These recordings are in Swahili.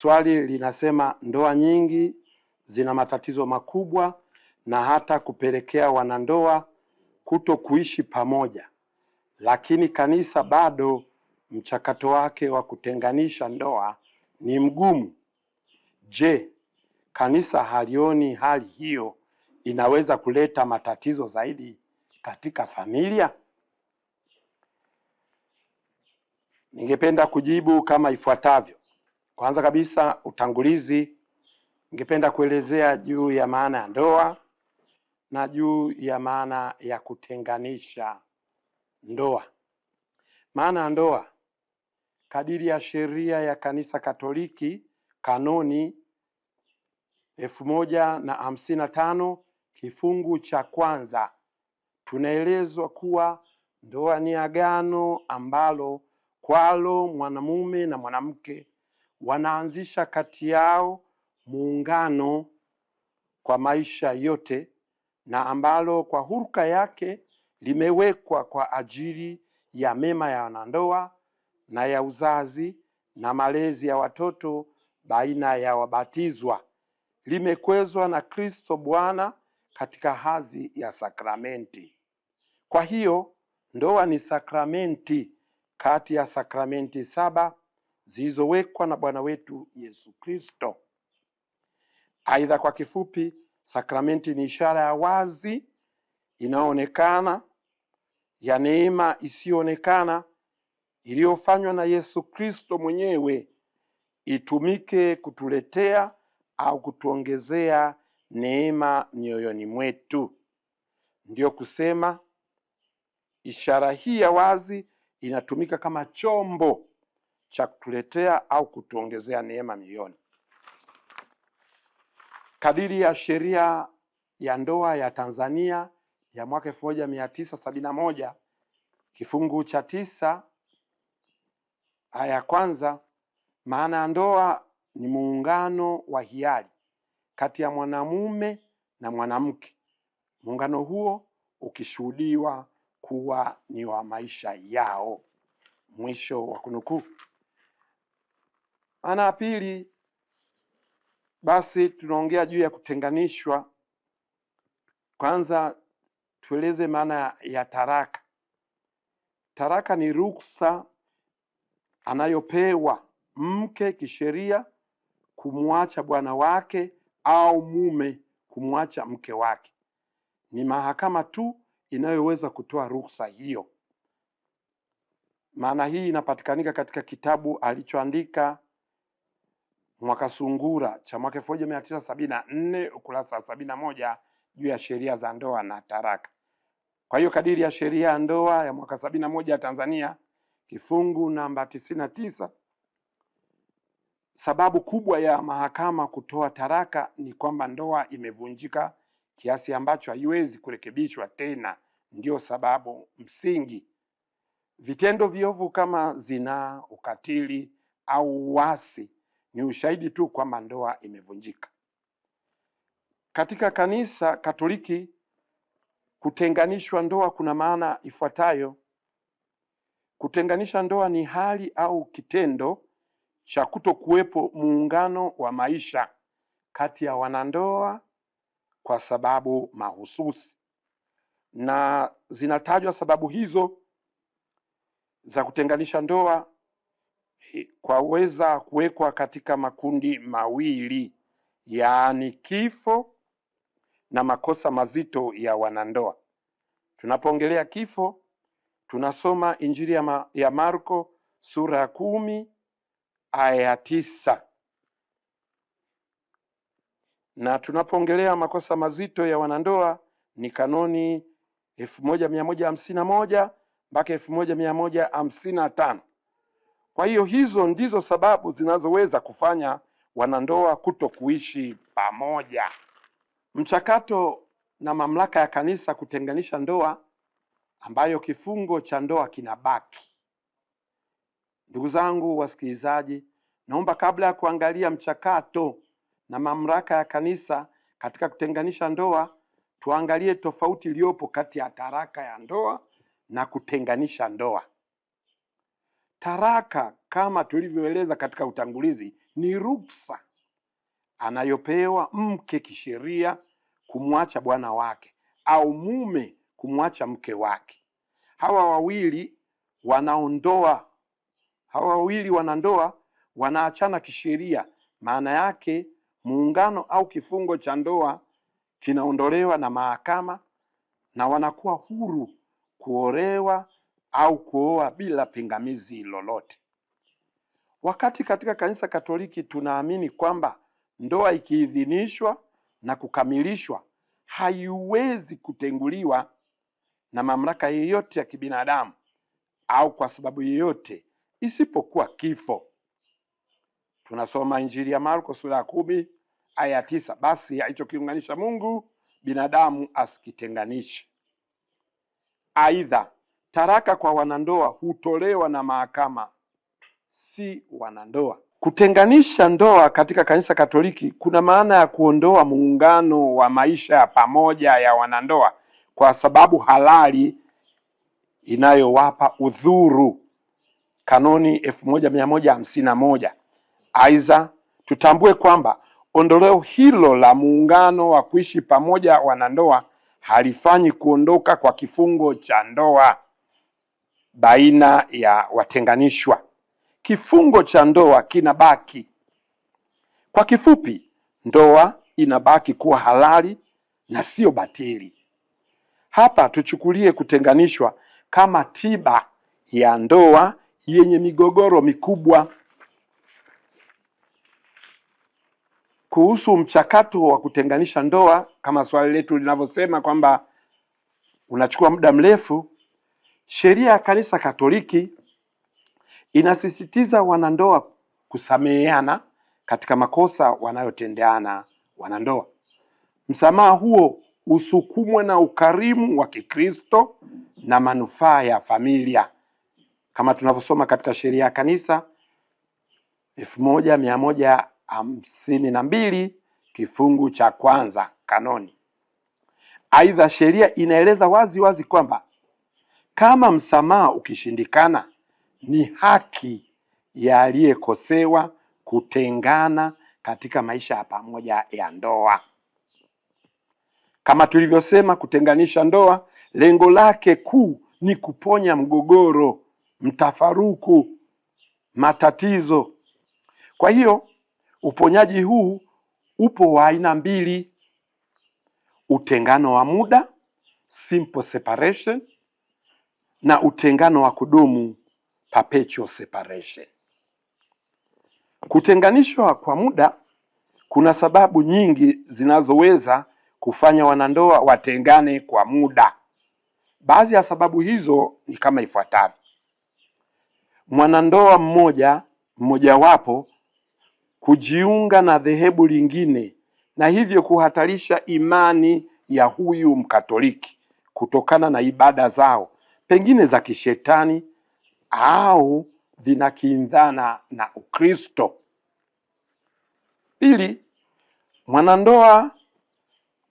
Swali linasema ndoa nyingi zina matatizo makubwa na hata kupelekea wanandoa kuto kuishi pamoja, lakini kanisa bado mchakato wake wa kutenganisha ndoa ni mgumu. Je, kanisa halioni hali hiyo inaweza kuleta matatizo zaidi katika familia? Ningependa kujibu kama ifuatavyo. Kwanza kabisa, utangulizi, ningependa kuelezea juu ya maana ya ndoa na juu ya maana ya kutenganisha ndoa. Maana ya ndoa kadiri ya sheria ya Kanisa Katoliki kanoni elfu moja na hamsini na tano kifungu cha kwanza tunaelezwa kuwa ndoa ni agano ambalo kwalo mwanamume na mwanamke wanaanzisha kati yao muungano kwa maisha yote na ambalo kwa huruka yake limewekwa kwa ajili ya mema ya wanandoa na ya uzazi na malezi ya watoto baina ya wabatizwa, limekwezwa na Kristo Bwana katika hadhi ya sakramenti. Kwa hiyo ndoa ni sakramenti kati ya sakramenti saba zilizowekwa na Bwana wetu Yesu Kristo. Aidha, kwa kifupi, sakramenti ni ishara ya wazi inayoonekana ya neema isiyoonekana iliyofanywa na Yesu Kristo mwenyewe itumike kutuletea au kutuongezea neema mioyoni mwetu. Ndiyo kusema ishara hii ya wazi inatumika kama chombo cha kutuletea au kutuongezea neema milioni. Kadiri ya sheria ya ndoa ya Tanzania ya mwaka elfu moja mia tisa sabini na moja kifungu cha tisa aya ya kwanza, maana ya ndoa ni muungano wa hiari kati ya mwanamume na mwanamke, muungano huo ukishuhudiwa kuwa ni wa maisha yao. Mwisho wa kunukuu ana ya pili, basi tunaongea juu ya kutenganishwa. Kwanza tueleze maana ya taraka. Taraka ni ruksa anayopewa mke kisheria kumwacha bwana wake au mume kumwacha mke wake. Ni mahakama tu inayoweza kutoa ruksa hiyo. Maana hii inapatikanika katika kitabu alichoandika mwaka sungura cha mwaka elfu moja mia tisa sabini na nne ukurasa wa sabini na moja juu ya sheria za ndoa na taraka. Kwa hiyo kadiri ya sheria ya ndoa ya mwaka sabini na moja ya Tanzania kifungu namba tisini na tisa sababu kubwa ya mahakama kutoa taraka ni kwamba ndoa imevunjika kiasi ambacho haiwezi kurekebishwa tena. ndio sababu msingi. Vitendo viovu kama zinaa, ukatili au uasi ni ushahidi tu kwamba ndoa imevunjika. Katika kanisa Katoliki, kutenganishwa ndoa kuna maana ifuatayo: kutenganisha ndoa ni hali au kitendo cha kutokuwepo muungano wa maisha kati ya wanandoa kwa sababu mahususi, na zinatajwa sababu hizo za kutenganisha ndoa kwaweza kuwekwa katika makundi mawili, yaani kifo na makosa mazito ya wanandoa. Tunapoongelea kifo, tunasoma Injili ya, ma, ya Marko sura ya kumi aya ya tisa na tunapoongelea makosa mazito ya wanandoa ni kanoni elfu moja mia moja hamsini na moja mpaka elfu moja mia moja hamsini na tano kwa hiyo hizo ndizo sababu zinazoweza kufanya wanandoa kuto kuishi pamoja. Mchakato na mamlaka ya kanisa kutenganisha ndoa ambayo kifungo cha ndoa kinabaki. Ndugu zangu wasikilizaji, naomba kabla ya kuangalia mchakato na mamlaka ya kanisa katika kutenganisha ndoa, tuangalie tofauti iliyopo kati ya taraka ya ndoa na kutenganisha ndoa. Taraka kama tulivyoeleza katika utangulizi, ni ruksa anayopewa mke kisheria kumwacha bwana wake au mume kumwacha mke wake. Hawa wawili wanaondoa, hawa wawili wanandoa wanaachana kisheria. Maana yake muungano au kifungo cha ndoa kinaondolewa na mahakama na wanakuwa huru kuolewa au kuoa bila pingamizi lolote. Wakati katika kanisa Katoliki tunaamini kwamba ndoa ikiidhinishwa na kukamilishwa haiwezi kutenguliwa na mamlaka yoyote ya kibinadamu au kwa sababu yoyote isipokuwa kifo. Tunasoma Injili ya Marko sura ya kumi aya ya tisa, basi alichokiunganisha Mungu binadamu asikitenganishe. Aidha, Taraka kwa wanandoa hutolewa na mahakama, si wanandoa. Kutenganisha ndoa katika kanisa Katoliki kuna maana ya kuondoa muungano wa maisha ya pamoja ya wanandoa kwa sababu halali inayowapa udhuru, kanoni elfu moja mia moja hamsini na moja. Aidha, tutambue kwamba ondoleo hilo la muungano wa kuishi pamoja wanandoa halifanyi kuondoka kwa kifungo cha ndoa baina ya watenganishwa. Kifungo cha ndoa kinabaki. Kwa kifupi, ndoa inabaki kuwa halali na sio batili. Hapa tuchukulie kutenganishwa kama tiba ya ndoa yenye migogoro mikubwa. Kuhusu mchakato wa kutenganisha ndoa, kama swali letu linavyosema kwamba unachukua muda mrefu, Sheria ya Kanisa Katoliki inasisitiza wanandoa kusameheana katika makosa wanayotendeana wanandoa. Msamaha huo usukumwe na ukarimu wa Kikristo na manufaa ya familia kama tunavyosoma katika sheria ya kanisa elfu moja mia moja hamsini na mbili kifungu cha kwanza kanoni. Aidha, sheria inaeleza wazi wazi kwamba kama msamaha ukishindikana, ni haki ya aliyekosewa kutengana katika maisha ya pamoja ya ndoa. Kama tulivyosema, kutenganisha ndoa lengo lake kuu ni kuponya mgogoro, mtafaruku, matatizo. Kwa hiyo uponyaji huu upo wa aina mbili: utengano wa muda, simple separation na utengano wa kudumu perpetual separation. Kutenganishwa kwa muda kuna sababu nyingi zinazoweza kufanya wanandoa watengane kwa muda. Baadhi ya sababu hizo ni kama ifuatavyo: mwanandoa mmoja mmojawapo kujiunga na dhehebu lingine na hivyo kuhatarisha imani ya huyu Mkatoliki kutokana na ibada zao pengine za kishetani au zinakinzana na Ukristo. Pili, mwanandoa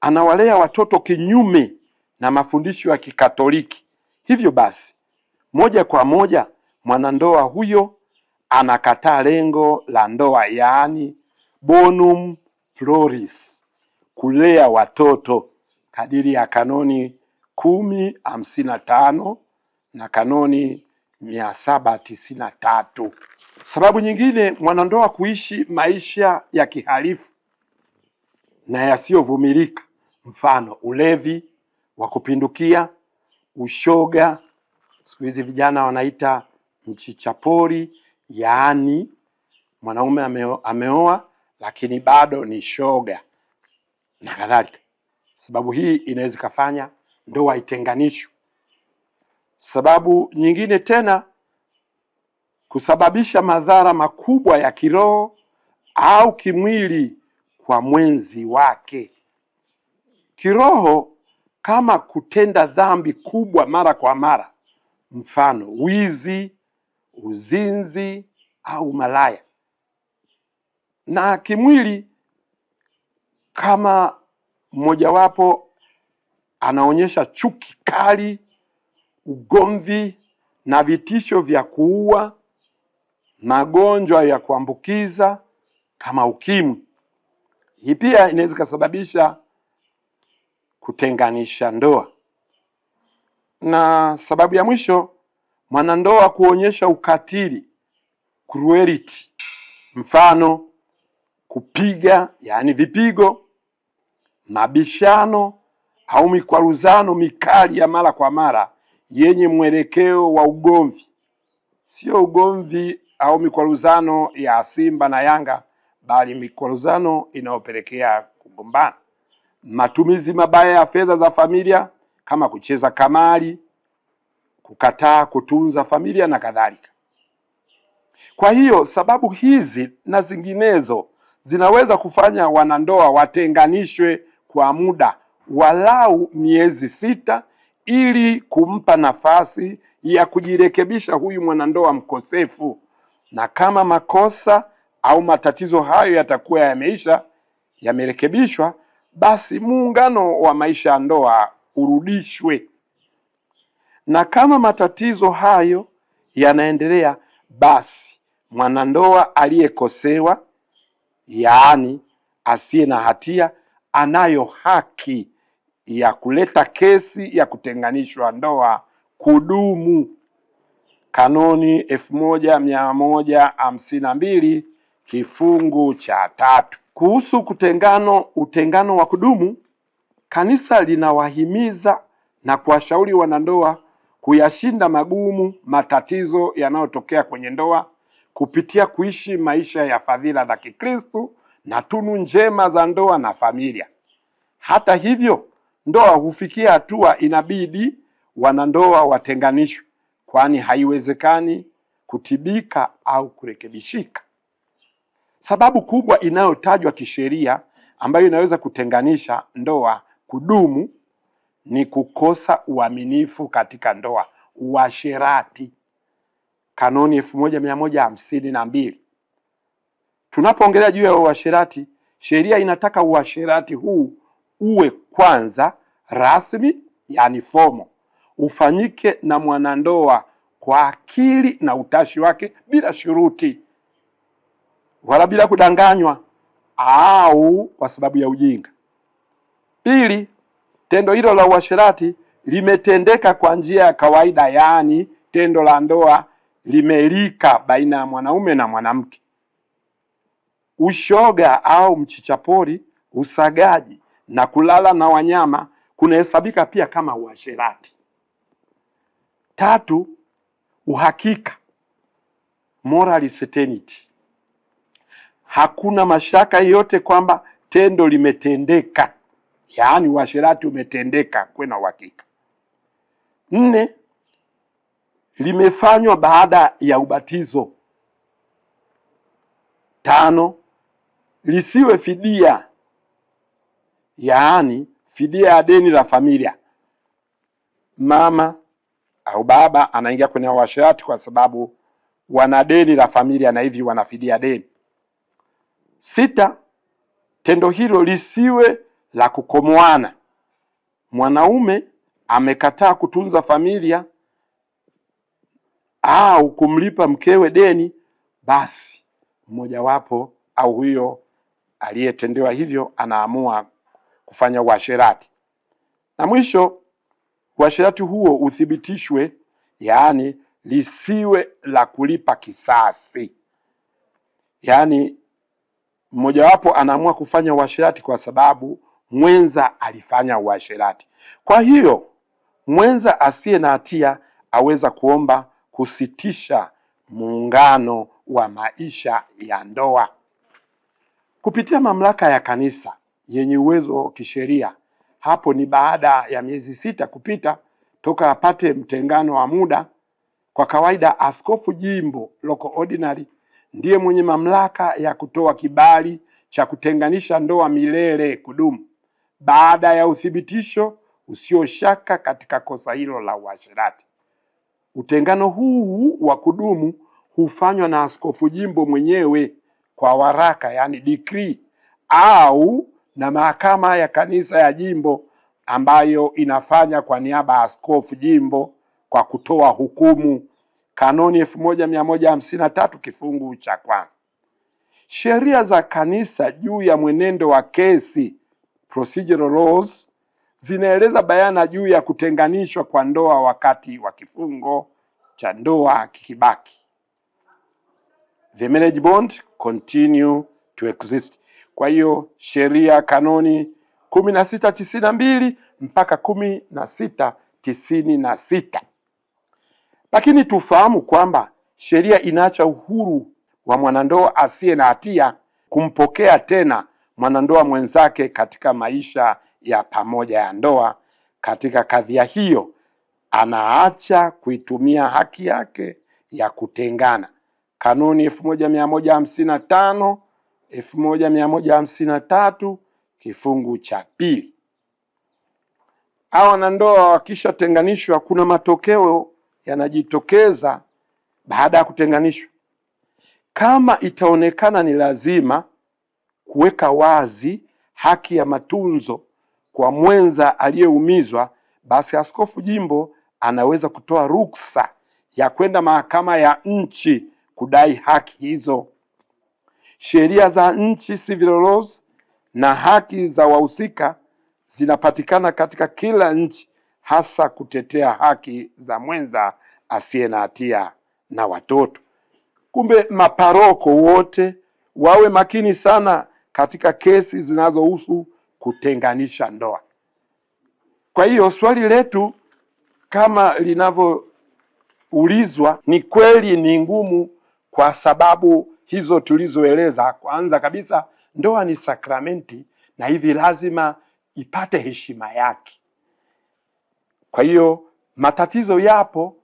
anawalea watoto kinyume na mafundisho ya Kikatoliki. Hivyo basi, moja kwa moja mwanandoa huyo anakataa lengo la ndoa, yaani bonum floris, kulea watoto kadiri ya kanoni kumi hamsini na tano na kanoni mia saba tisini na tatu. Sababu nyingine mwanandoa kuishi maisha ya kihalifu na yasiyovumilika, mfano ulevi wa kupindukia, ushoga, siku hizi vijana wanaita mchichapori, yaani mwanaume ameo, ameoa lakini bado ni shoga na kadhalika. Sababu hii inaweza ikafanya ndoa itenganishwe Sababu nyingine tena kusababisha madhara makubwa ya kiroho au kimwili kwa mwenzi wake. Kiroho kama kutenda dhambi kubwa mara kwa mara, mfano wizi, uzinzi au malaya, na kimwili kama mmojawapo anaonyesha chuki kali ugomvi na vitisho vya kuua, magonjwa ya kuambukiza kama ukimwi. Hii pia inaweza ikasababisha kutenganisha ndoa. Na sababu ya mwisho, mwanandoa kuonyesha ukatili, cruelty, mfano kupiga, yaani vipigo, mabishano au mikwaruzano mikali ya mara kwa mara yenye mwelekeo wa ugomvi, sio ugomvi au mikwaruzano ya Simba na Yanga, bali mikwaruzano inayopelekea kugombana. Matumizi mabaya ya fedha za familia kama kucheza kamari, kukataa kutunza familia na kadhalika. Kwa hiyo sababu hizi na zinginezo zinaweza kufanya wanandoa watenganishwe kwa muda walau miezi sita ili kumpa nafasi ya kujirekebisha huyu mwanandoa mkosefu, na kama makosa au matatizo hayo yatakuwa yameisha, yamerekebishwa, basi muungano wa maisha ya ndoa urudishwe, na kama matatizo hayo yanaendelea, basi mwanandoa aliyekosewa, yaani asiye na hatia, anayo haki ya kuleta kesi ya kutenganishwa ndoa kudumu, kanuni elfu moja mia moja hamsini na mbili kifungu cha tatu kuhusu kutengano utengano wa kudumu. Kanisa linawahimiza na kuwashauri wanandoa kuyashinda magumu matatizo yanayotokea kwenye ndoa kupitia kuishi maisha ya fadhila za Kikristo na tunu njema za ndoa na familia. Hata hivyo ndoa hufikia hatua inabidi wanandoa watenganishwe, kwani haiwezekani kutibika au kurekebishika. Sababu kubwa inayotajwa kisheria ambayo inaweza kutenganisha ndoa kudumu ni kukosa uaminifu katika ndoa, uasherati, kanuni elfu moja mia moja hamsini na mbili. Tunapoongelea juu ya uasherati, sheria inataka uasherati huu uwe kwanza rasmi, yani fomo, ufanyike na mwanandoa kwa akili na utashi wake, bila shuruti wala bila kudanganywa au kwa sababu ya ujinga. Pili, tendo hilo la uasherati limetendeka kwa njia ya kawaida, yaani tendo la ndoa limelika baina ya mwanaume na mwanamke. Ushoga au mchichapori, usagaji na kulala na wanyama kunahesabika pia kama uasherati. Tatu, uhakika moral certainty. Hakuna mashaka yote kwamba tendo limetendeka, yaani uasherati umetendeka, kuwe na uhakika. Nne, limefanywa baada ya ubatizo. Tano, lisiwe fidia yaani fidia ya deni la familia. Mama au baba anaingia kwenye uasherati kwa sababu wana deni la familia na hivi wanafidia deni. Sita, tendo hilo lisiwe la kukomoana. Mwanaume amekataa kutunza familia au kumlipa mkewe deni, basi mmojawapo au huyo aliyetendewa hivyo anaamua kufanya uasherati, na mwisho uasherati huo uthibitishwe, yaani lisiwe la kulipa kisasi. Yaani mmojawapo anaamua kufanya uasherati kwa sababu mwenza alifanya uasherati. Kwa hiyo mwenza asiye na hatia aweza kuomba kusitisha muungano wa maisha ya ndoa kupitia mamlaka ya kanisa yenye uwezo kisheria. Hapo ni baada ya miezi sita kupita toka apate mtengano wa muda. Kwa kawaida, askofu jimbo local ordinary ndiye mwenye mamlaka ya kutoa kibali cha kutenganisha ndoa milele kudumu baada ya uthibitisho usioshaka katika kosa hilo la uasherati. Utengano huu wa kudumu hufanywa na askofu jimbo mwenyewe kwa waraka, yani decree au na mahakama ya kanisa ya jimbo ambayo inafanya kwa niaba ya askofu jimbo kwa kutoa hukumu, kanoni elfu moja mia moja hamsini na tatu kifungu cha kwanza. Sheria za kanisa juu ya mwenendo wa kesi procedural laws zinaeleza bayana juu ya kutenganishwa kwa ndoa wakati wa kifungo cha ndoa kikibaki, the marriage bond continue to exist. Kwa hiyo sheria kanoni kumi na sita tisini na mbili mpaka kumi na sita tisini na sita. Lakini tufahamu kwamba sheria inaacha uhuru wa mwanandoa asiye na hatia kumpokea tena mwanandoa mwenzake katika maisha ya pamoja ya ndoa. Katika kadhia hiyo, anaacha kuitumia haki yake ya kutengana. Kanuni elfu moja mia moja hamsini na tano elfu moja mia moja hamsini na tatu kifungu cha pili. Hao wanandoa wakishatenganishwa, kuna matokeo yanajitokeza baada ya kutenganishwa. Kama itaonekana ni lazima kuweka wazi haki ya matunzo kwa mwenza aliyeumizwa, basi askofu jimbo anaweza kutoa ruksa ya kwenda mahakama ya nchi kudai haki hizo sheria za nchi civil laws, na haki za wahusika zinapatikana katika kila nchi, hasa kutetea haki za mwenza asiye na hatia na watoto. Kumbe maparoko wote wawe makini sana katika kesi zinazohusu kutenganisha ndoa. Kwa hiyo swali letu kama linavyoulizwa, ni kweli ni ngumu, kwa sababu hizo tulizoeleza. Kwanza kabisa, ndoa ni sakramenti na hivi lazima ipate heshima yake. Kwa hiyo matatizo yapo,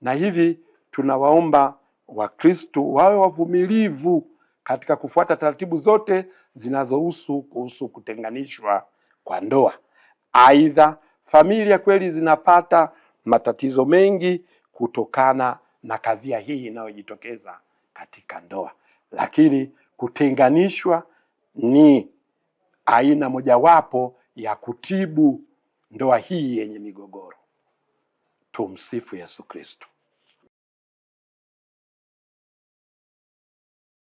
na hivi tunawaomba Wakristo wawe wavumilivu katika kufuata taratibu zote zinazohusu kuhusu kutenganishwa kwa ndoa. Aidha, familia kweli zinapata matatizo mengi kutokana na kadhia hii inayojitokeza katika ndoa lakini kutenganishwa ni aina mojawapo ya kutibu ndoa hii yenye migogoro. Tumsifu Yesu Kristo.